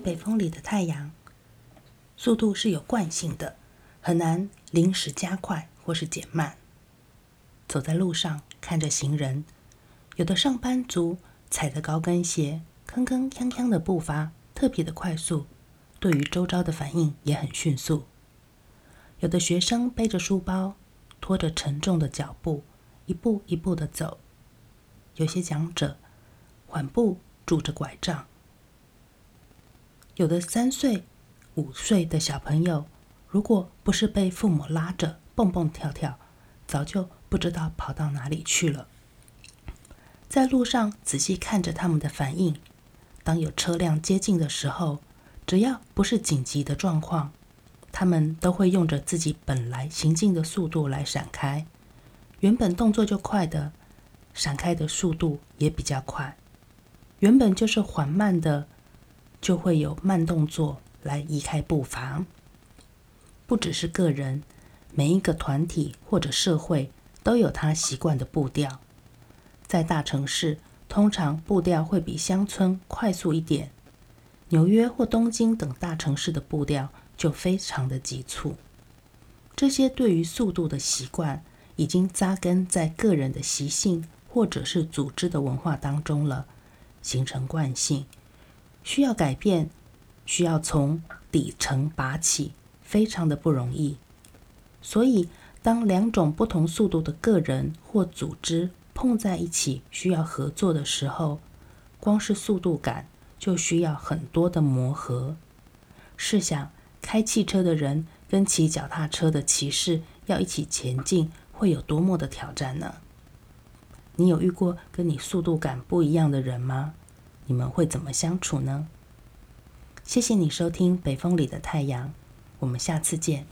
北風裡的太陽，速度是有慣性的，很難臨時加快或是減慢。走在路上，看着行人，有的上班族踩着高跟鞋，坑坑康康的步伐，特別的快速，對於周遭的反應也很迅速。有的學生背着書包，拖着沉重的腳步，一步一步地走。有些長者，緩步拄着拐杖。有的三歲、五歲的小朋友，如果不是被父母拉着，蹦蹦跳跳，早就不知道跑到哪裡去了。在路上仔細看着他們的反應，當有車輛接近的時候，只要不是緊急的狀況，他們都會用着自己本來行進的速度來閃開。原本動作就快的，閃開的速度也比較快。原本就是緩慢的。就會有慢動作來移開步伐。不只是個人，每一個團體或者社會都有他習慣的步調。在大城市，通常步調會比鄉村快速一點，紐約或東京等大城市的步調就非常的急促。這些對於速度的習慣已經扎根在個人的習性或者是組織的文化當中了，形成慣性。需要改變，需要從底層拔起，非常的不容易。所以，當兩種不同速度的個人或組織碰在一起，需要合作的時候，光是速度感就需要很多的磨合。試想，開汽車的人跟騎腳踏車的騎士要一起前進，會有多麼的挑戰呢？你有遇過跟你速度感不一樣的人嗎？你們會怎麼相處呢？謝謝你收聽《北風裡的太陽》，我們下次見。